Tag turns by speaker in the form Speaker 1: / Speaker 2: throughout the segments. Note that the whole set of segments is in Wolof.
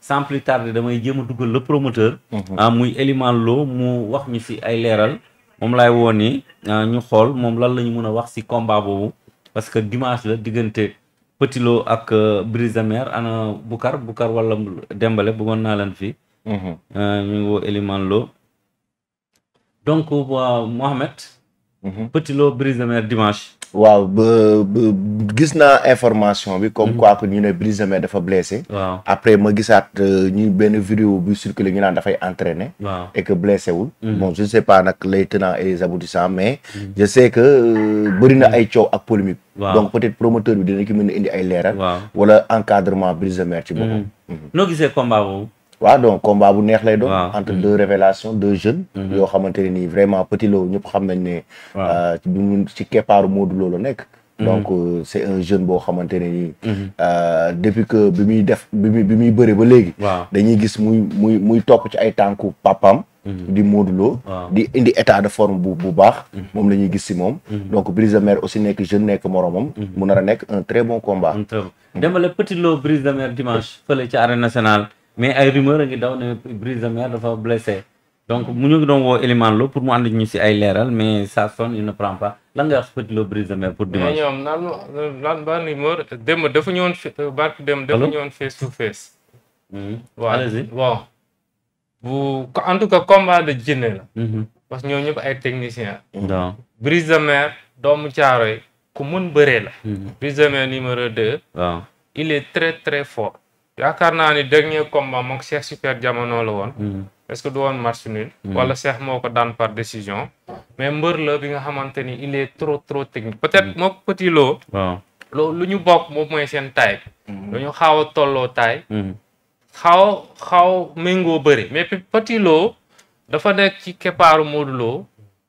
Speaker 1: sans plus tarder damay jéema dugal le promoteur. Mhm. ah muy élément loo mu wax ñu fi ay leeral moom lay woo ni ah, ñu xool moom lan la ñu mën a wax si combat boobu parce que dimanche la diggante Petit ak euh, Brise de Mer ana Bukar Bukar wala Dembale bëggoon naa leen fii. Mhm. Ah, ñu ngi woo élément loo donc Mohamed. Mhm. Petit Brise de Mer dimanche.
Speaker 2: waaw ba gis naa information bi. comme mhm. quoi que ñu ne Brise de Mer dafa blessé. après ma gisaat euh, ñu benn vidéo bu circulé ñu naan dafay entraîné. waaw et que blessé wul. Mhm. bon je ne sais pas nag les tenants et les aboutissants mais. Mhm. je sais que euh, bëri na ay coow ak polémique. donc peut promoteur bi dina ki mën a indi ay leeral. wala encadrement Brise de Mer ci boppam. waaw donc combat bu neex lay doon. entre mm. deux révélations deux jeunes. Mm-hmm. yoo xamante ne nii vraiment Petit Lo ñëpp xam nañ ne. waaw euh, ci bu ci keppaaru Modou la nekk. Mm-hmm. donc euh, c'est un jeune boo xamante ne nii. Mm-hmm. Euh, depuis que bi muy def bi muy bi muy bëre ba léegi. dañuy gis muy muy muy topp ci ay tànku papam di Modou di indi état de forme bu bu baax. moom la ñuy gis si moom. donc Brise de Mer aussi nekk jeune nekk moromam. mu nar a nekk un très bon combat. Mm.
Speaker 1: demale Petit Lo Brise de Mer dimanche fële ci arène nationale. mais ay rumeur a ngi daw ne Brise Mer dafa blessé donc mu ñu ngi woo Elimane Lo pour mu ànd ñu si ay leeral mais ça sonne il ne prend pas lan nga wax Petit Lo Brise de Mer pour dimanche. mais
Speaker 2: ñoom naan
Speaker 3: naan ban dafa ñëwoon barki face to face. Mhm. bu en tout cas combat de jinne la. Mhm. parce que ñoom ñëpp ay technicien la. Brise de Mer doomu Caaroy ku mun bëree la. Mhm. Brise Mer numéro deux. il est très très fort. yaakaar naa ni dernier combat mook Cheikh Super jamono la woon. Hmm. est que du woon match nul. Hmm. wala Cheikh moo ko daan par décision. mais mbër la bi nga xamante ni il est trop trop technique peut-être hmm. mook Petit Lo. lu ñu bokk moom mooy seen taay. dañu xaaw a tolloo taay. xaw xaaw méngoo bëri mais Petit Lo dafa nekk ci keppaaru Modou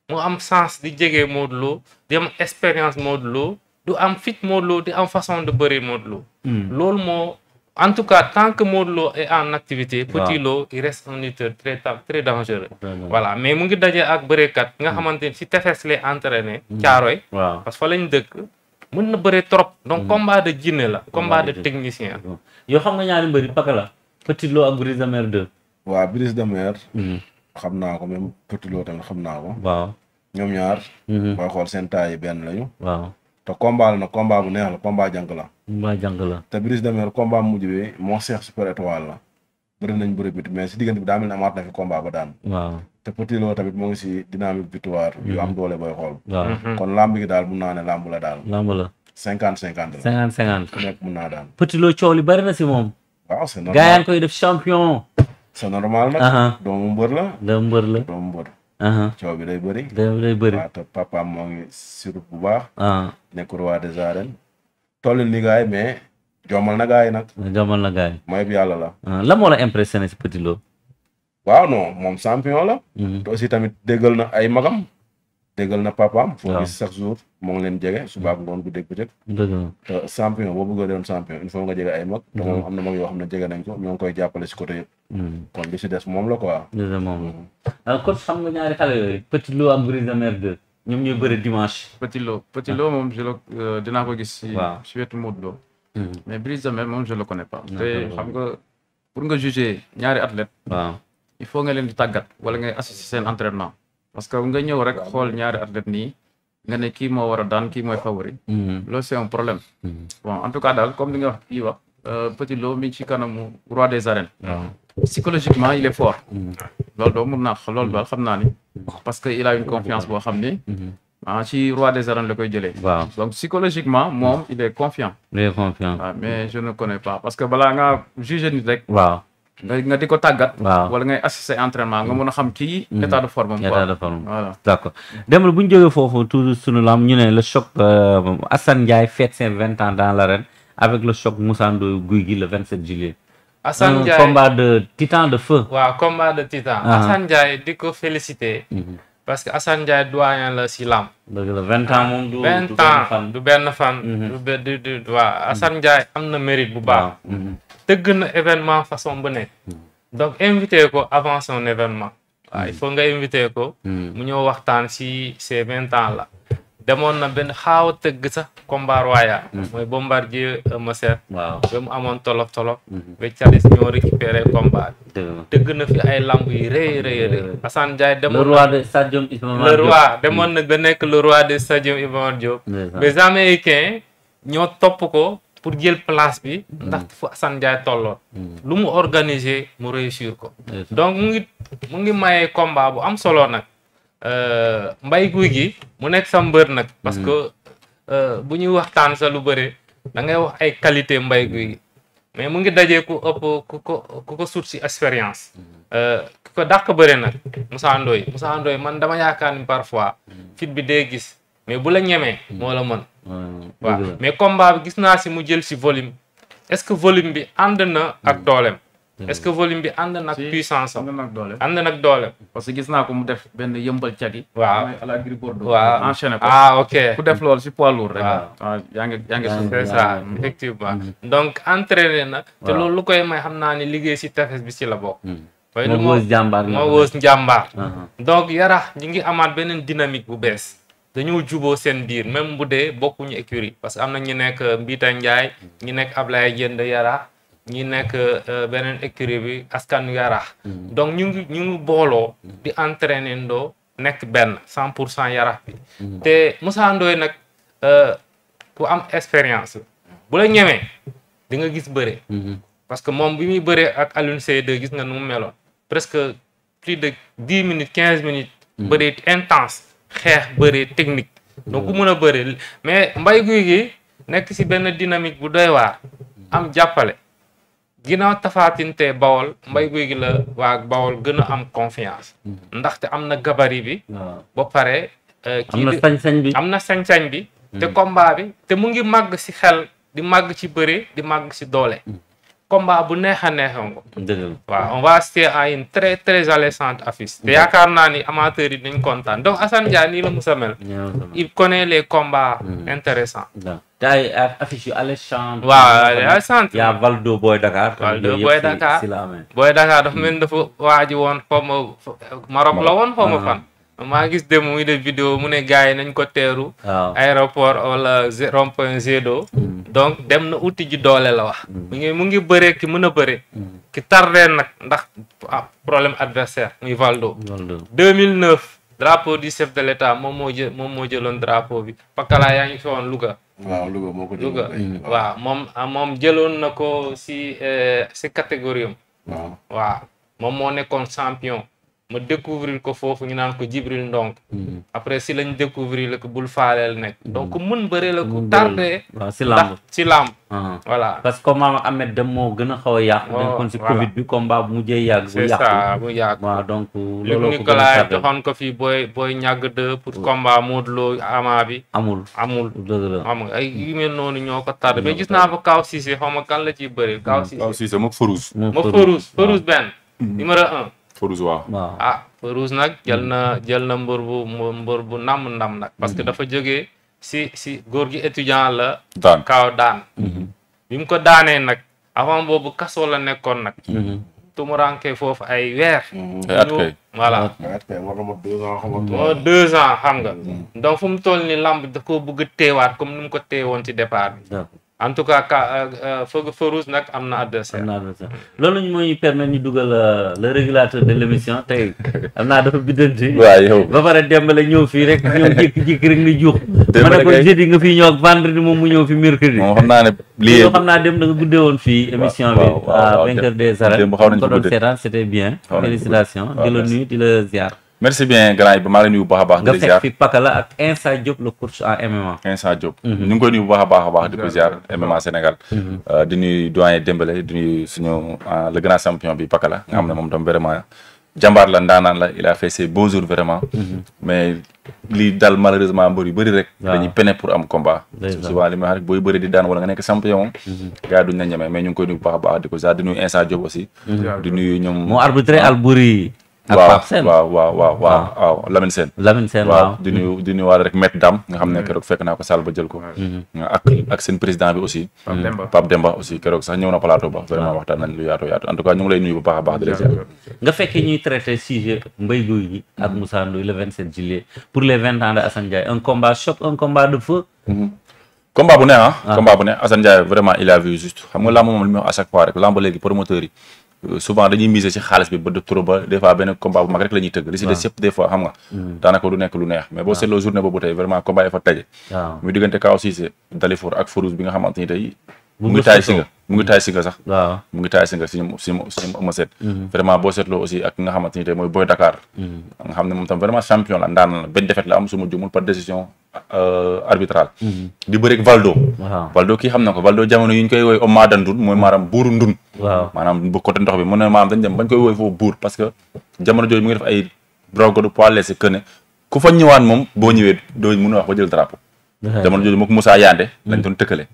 Speaker 3: Lo mu am sens di jege Modou Lo di am expérience Modou Lo du am fit Modou Lo di am façon de bëri Modou Lo. loolu moo en tout cas tant que Modou Lo est en activité. Petit Lo il reste un lutteur très voilà mais mu ngi daje ak bëreekat nga hmm. xamante ni si tefes lay entraîné. Hmm. caaroy parce que fa lañ dëkk. mën na bëre trop donc hmm. combat de jinne la. combat de technicien la. yoo xam nga ñaari mbëri paka la.
Speaker 2: Petit Lo ak Brise de Mer 2. waaw Brise de Mer. xam naa ko même Petit Lo tamit xam naa ko. waaw ñoom ñaar. booy xool seen taay benn lañu. te combat la nag combat bu neex la combat jànk la.
Speaker 1: combat jànk la.
Speaker 2: te Brise de Mer combat mujj bi moo seex super étoile la bëri nañ bëri bit mais si diggante bi daa mel ne na fi combat ba daan. waaw te Petit tamit moo si dynamique victoire. yu am mm-hmm. doole booy xool. waaw mm-hmm. kon lamb gi daal mun naa ne lamb la daal. lamb la cinquante cinquante la. cinquante
Speaker 1: cinquante ku nekk mun naa daan. Petit Lo coow li bëri na si moom. waaw c'est koy
Speaker 2: def champion. c'est normal nag. Uh-huh. doomu mbër la. doomu mbër la doomu mbër. coow bi day bëri. day bëri bu baax. nekk roi des arènes. tollu ni gaay na gaay nag.
Speaker 1: joomal na
Speaker 2: mooy bi yàlla la.
Speaker 1: la moo la impressionné si Petit Lo.
Speaker 2: waaw non moom champion la. Mhm. te aussi tamit déggal na ay magam. déggal na papaam. foo gis chaque jour moo ngi leen jege subaab ngoon guddeeg bëccëg. dëgg euh, champion boo bëggee doon champion il faut nga jege ay mag. te moom am na mag yoo xam ne jege nañ ko ñoo koy jàppale si côté yëpp. Hmm. kon li des moom la quoi. dëgg moom
Speaker 1: la kon xam nga ñaari xale yooyu. Petit Lo am Brise de Mer ñoom ñooy bëri dimanche.
Speaker 3: Petit Lo Petit moom je le euh, dinaa ko gis. si si wetu Modou Lo. Hmm. mais Brise de Mer moom je ko ne pas. te xam nga pour nga juger ñaari athlète. waaw il faut nga leen di tàggat wala ngay assister seen entraînement. parce que nga ñëw rek xool ñaari athlète nii nga ne kii moo war a daan kii mooy favori. Mm-hmm. loolu c'est un problème. Mm-hmm. bon en tout cas daal comme li nga wax kii wax euh, Petit Lo mi ci kanamu roi des arènes. psychologiquement il est fort. Mm-hmm. loolu doo mun naa loolu daal xam naa ni. parce que il a une confiance boo xam ni. ah ci roi des arènes la koy jëlee. waaw donc psychologiquement moom il est confiant.
Speaker 1: il ah,
Speaker 3: mais je ne connais pas parce que balaa nga juger nit rek. waaw. nga nga di ko tàggat. waaw wala ngay assister entraînement nga mën a xam ci mm-hmm. état de forme état de forme voilà
Speaker 1: d' accord. bu ñu jógee foofu toujours sunu lam ñu ne le choc euh, Assane Ndiaye fête ses vingt ans dans l'arène avec le choc Moussa Ndoye guy Gui le vingt sept juillet. Assane Ndiaye combat de titan de feu.
Speaker 3: waaw ah. di ko féliciter. Mm-hmm. parce que Assane Ndiaye doyen la si làmb.
Speaker 1: vingt ans moom du vingt ans
Speaker 3: du benn fan. Mhm. du du du waaw Assane am na mérite bu baax. Mhm. tëgg na événement façon bu nekk. Mhm. donc invité ko avant son événement. il faut nga invité ko. mu ñëw waxtaan si ces vingt ans la. demoon na benn xaaw tëgg sax combat royal. Mm-hmm. mooy bombardier Eumeu Sène. mu amoon tolof tolof. Mm-hmm. ba Thialis ñoo récupéré combat tëgg na fi ay lamb yi rëy rëy rëy. Assane Ndiaye demoon
Speaker 1: mm-hmm. na
Speaker 3: le nekk le roi de stadium Iba Mar Diop. les Américains ñoo topp ko pour jël place bi. ndax fu Assane Ndiaye tolloon. lu mu organiser mu réussir ko. donc mu ngi maye combat bu am solo nag. Euh, mbay guy gi mu nekk sa mbër nag. parce que euh, bu ñuy waxtaan sa lu bëri da ngay wax ay qualité mbay guy gi mais mu ngi dajee ku ëpp ku ko ku ko sut si expérience. Euh, ku ko dàq bëre nag Moussa Ndoye Moussa Ndoye man dama yaakaar ni parfois fit bi dee gis mais bu la ñemee moo la mën. waaw mais comme bi gis naa si mu jël si volume est-ce que volume bi ànd na ak hmm. dooleem. Mm-hmm. est-ce que volume bi ànd nag puissance am ànd nag doole parce que gis naa ko mu def benn yëmbal cagi waaw waaw enchaîné ko ah ok ku def loolu si poids lourd rek waaw ah, yaa ngi yaa effectivement mm-hmm. donc entraîné nag te loolu lu koy may xam naa ni liggéey si tefes bi si la bokk mooy mm-hmm. lu moo jàmbaar moo wóos njàmbaar uh-huh. donc yarax ñi ngi amaat beneen dynamique bu bees dañoo juboo seen biir même bu dee bokkuñu écurie parce que am na ñu nekk Mbiita Ndiaye ñu nekk ab Ablaye Jënd yara ñi nekk euh, beneen écurie bi askanu yaraax mm. donc ñu ngi ñu booloo mm. di entraîner ndoo nekk benn cent pour cent yaraax bi mm. te Moussa Ndoye nag euh, ku am expérience bu la ñemee di nga gis bëre mm-hmm. parce que moom bi muy bëree ak Alioune Seye 2 gis nga nu mu meloon presque plus de dix minutes quinze minutes bëree intense xeex bëree technique donc ku mën a bëree mais mbay guy gi nekk si benn dynamique bu doy waar am jàppale ginnaaw tafaatinte bawol mbay guy gi la waa bawol gën a am confiance mm-hmm. ndaxte am na gabari bi ba pare euh, kii am bi am na sañ-sañ bi te mm-hmm. combat bi te mu ngi màgg si xel di màgg ci bëre di màgg si doole mm-hmm. combat bu neex a neexoon ko. waaw on va assister à une très très alléchante affiche. te yaakaar naa ni amateurs yi dañ kontaan donc Assane Dia nii la mu samel il les combats mm. intéressants. te ay affiche yu alléchante. waaw
Speaker 1: yaa Valdo Boy Dakar. Valdo Boy Dakar Boy
Speaker 3: Dakar dafa mel ni dafa waaji woon ma Maroc la woon ah, fan. maa gis dem muy de vidéo mu ne gars yi nañ ko teeru. aéroport wala rond point Zedo. Mm. donc dem na uti ji doole la wax. Mm. mu ngi mu ngi bëree ki mën a bëree. Mm. ki tardé nag ndax ah, problème adversaire muy Valdo. Valdo 2009 drapeau du chef de l' état moo jëloon drapeau bi Pakala yaa ngi fi woon Louga.
Speaker 2: waaw
Speaker 3: ah, jëloon na ko si eh, si catégorie am. waaw moom moo nekkoon champion. ma découvrir ko foofu ñu naan ko Jibril Ndong hmm. après si lañ découvrir la ko bul faaleel nekk hmm. donc mën bëre la ko tardé waaw si làmb si làmb ah. parce que ma Ahmed Deme moo gën a xaw a yàqu dañ oh, kon si covid
Speaker 1: bi combat bu mujjee yàgg bu yàqu bu yàgg donc loolu ko laay joxoon
Speaker 3: ko fii pour oh. combat Modou Lo ama bi amul amul dëgg la xam nga ay yu mel noonu ñoo ko tardé mais gis naa fa Kaw Cissé xaw kan la ciy bëri Kaw hmm.
Speaker 4: Cissé Kaw Cissé mook
Speaker 3: benn numéro Farouz ah, nag jël na jël na mbër bu mbër bu nam ndam nag. parce que mm-hmm. dafa jóge si si góor gi étudiant la. daan daan. Mm-hmm. bi mu ko daanee nag avant boobu kasoo la nekkoon nag. Mm-hmm. tumuranke foofu ay weer. ñu moo deux ans xam nga. donc fu mu toll ni lamb da koo bëgg a teewaat comme ni mu ko teewoon ci départ en tout cas euh, foo Rouge nag am na adversaire am na adversaire
Speaker 1: loolu moo ñu permettre ñu dugal euh, le régulateur de l' émission am naa dafa biddanti waaw yow ba pare dembale ñëw fii rek ñëw jékki-jékki rek ni juux ma ne ko jeudi nga fii ñëw ak vendredi moom mu ñëw fi mercredi moom xam naa ne lii xam naa dem da nga guddee woon fii émission bi à vainqueur des arènes ko doon seetaan c' était bien félicitations di la
Speaker 4: di la ziar merci bien grand bi maa ngi lay nuyu a baax. nga fekk fi Pakala ak Insa Diop le coach en MMA. Insa Diop. Mhm. ñu ngi nuyu baax a baax a baax di MMA mhm. Sénégal. Mhm. Euh, di nuyu doyen Dembélé di nuyu suñu euh, le grand champion bi Pakala nga xam ne moom tam vraiment. jàmbaar la ndaanaan la il a fait ses beaux jours vraiment. mais li dal malheureusement mbër yu bëri rek. dañuy peine pour am combat. souvent li rek booy bëri di daan wala nga nekk champion. gars yi duñ la ñeme mais ñu koy nuyu baax a baax di ko ziar di nuyu Insa Diop aussi. di nuyu ñoom moo arbitré ak Pape Sène waaw waaw waaw waaw waaw Lamine Sène Lamine Sène waaw di nuyu di nuyu rek maître Dame nga xam ne mm-hmm. keroog fekk naa ko saal ba jël ko mm-hmm. ak ak seen président bi aussi mm-hmm. Pape Demba aussi keroog sax ñëw na plateau ba vraiment waxtaan nañ lu yaatu en tout cas ñu lay nuyu bu baax a baax di la ziar
Speaker 1: nga fekkee ñuy traité sujet Mbaye Gouye Gui ak Moussa Ndoye le 27 juillet
Speaker 4: pour les vingt ans de Assane Ndiaye un combat choc un combat de feu combat bu ne ah. ah combat bu ne Assane Ndiaye vraiment il a juste xam nga lamb moom li mu wax à chaque fois rek yi Euh, souvent dañuy miser ci xaalis bi ba de trop ba des rek la tëgg li si des yëpp des fois xam nga mm. daanaka du nekk lu neex mais boo seetloo journée boobu tey mu ngi taay si nga sax mu ngi taay si nga siñu siñu siñu seet vraiment boo seetloo ak nga xamante ni tey mooy Boy Dakar mm-hmm. nga xam ne moom tam vraiment champion la ndaan benn défaite la am suma jumul par décision euh, arbitrale mm-hmm. di bëreeg Valdo Valdo kii xam na ko Valdo jamono yi koy wooy homme maa dandun mooy mm-hmm. waaw maanaam bu côté ndox bi mu ne maanaam dañ dem bañ koy woy foofu buur parce que jamono jooju mu ngi def ay brogadu poids léger que ne ku fa ñëwaan moom boo ñëwee doo mën a wax ba jël drapeau jamono jooju mook Moussa Yandé lañ doon tëkkale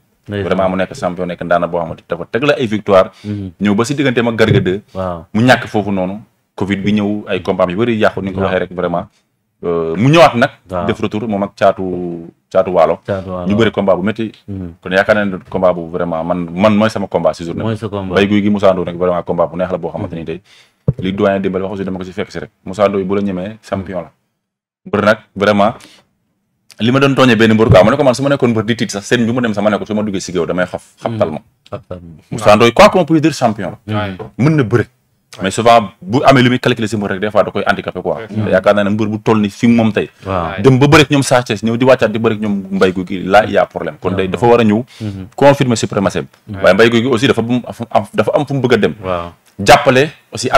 Speaker 4: vraiment mu nekk champion nekk ndaana boo xamante dafa teg la ay victoire mhm. ñëw ba si diggante ma Garga 2 waaw mu ñàkk foofu noonu covid bi ñëw ay combat yu bëri yàqu ni nga ko waxee rek vraiment euh, mu ñëwaat nag def retour moom ak caatu caatu waalo ñu bëri combat bu métti hmm. kon yaakaar naa ne combat bu man mooy sama combat bay guy gi Moussa Ndoye nag vraiment bu neex la boo xamante ni tey li doyen dimbali wax aussi dama ko si fekk si rek Moussa Ndoye bu ñemee champion la mbër nag vraiment li doon tooñee benn mbër quoi ma man su ma nekkoon di tiit sax seen bi dem sax ma ne duggee si géew damay xaptal ma Moussa Ndoye quoi qu'on puisse champion la hmm. mën na mais souvent bu amee lu muy calculer si mbër rek des fois da koy handicapé quoi yaakaar naa ne mbër bu toll ni fi moom tey dem ba bërek ñoom Sa Thiès ñëw di wàccaat di bërek ñoom Mbaye Gouye Gui là problème kon day dafa war a ñëw mhm. confirmer suprématie waaye Mbaye Gouye aussi dafa am fu mu bëgg a dem jàppale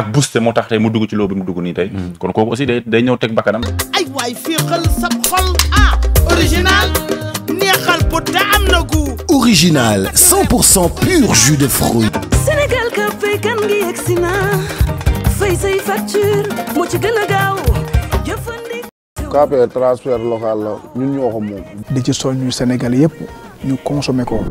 Speaker 4: ak booster moo tax tey mu dugg ci loo mu dugg nii tey mhm. kon kooku aussi day day ñëw teg bakkanam
Speaker 2: ay waay féexal sab xol ah original neexal bu te na gu original 100 pour ka fay kan ngi yegsi na fay say facture moo ci gën gaaw jëfandikoo. KPR transfert local la ñun ñoo ko moom. di ci soññu Sénégal yëpp ñu consomé ko.